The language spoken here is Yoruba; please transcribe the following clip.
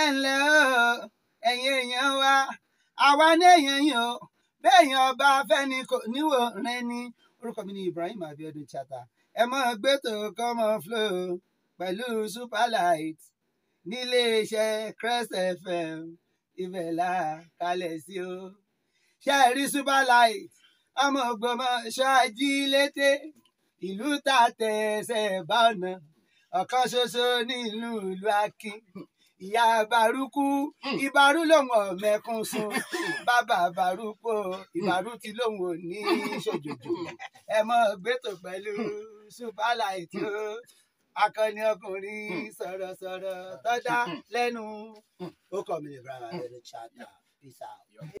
ẹ ǹlẹ́ o ẹ̀yin èèyàn wa àwa ní èèyàn yìí o bẹ́ẹ̀yàn ọba afẹ́ni kò níwò rẹ ni orúkọ mi ni Ibrahim Abiodun Chata ẹ mọ gbẹtò kọmọ flo pẹ̀lú Superlight níléeṣẹ́ Crest FM ibẹ̀ là kalẹ̀ sí o ṣe é rí Superlight ọmọ Ògbómọ̀ṣọ́ ajílété ìlú tàtẹ̀ẹ́sẹ̀ bá ọ̀nà ọ̀kan ṣoṣo ní ìlú ìlú akin ìyá barúkú hmm. ìbarú lòun ọ̀mẹ́kún sun bàbá barúkú ìbarú ti lòun ò ní ṣòjòjò hmm. ẹ mọ gbẹtò pẹ̀lú supalaiti o akọni ọkùnrin hmm. sọ̀rọ̀sọ̀rọ̀ tọ́dá lẹ́nu ó kọ́ mi lè bá chata peace out.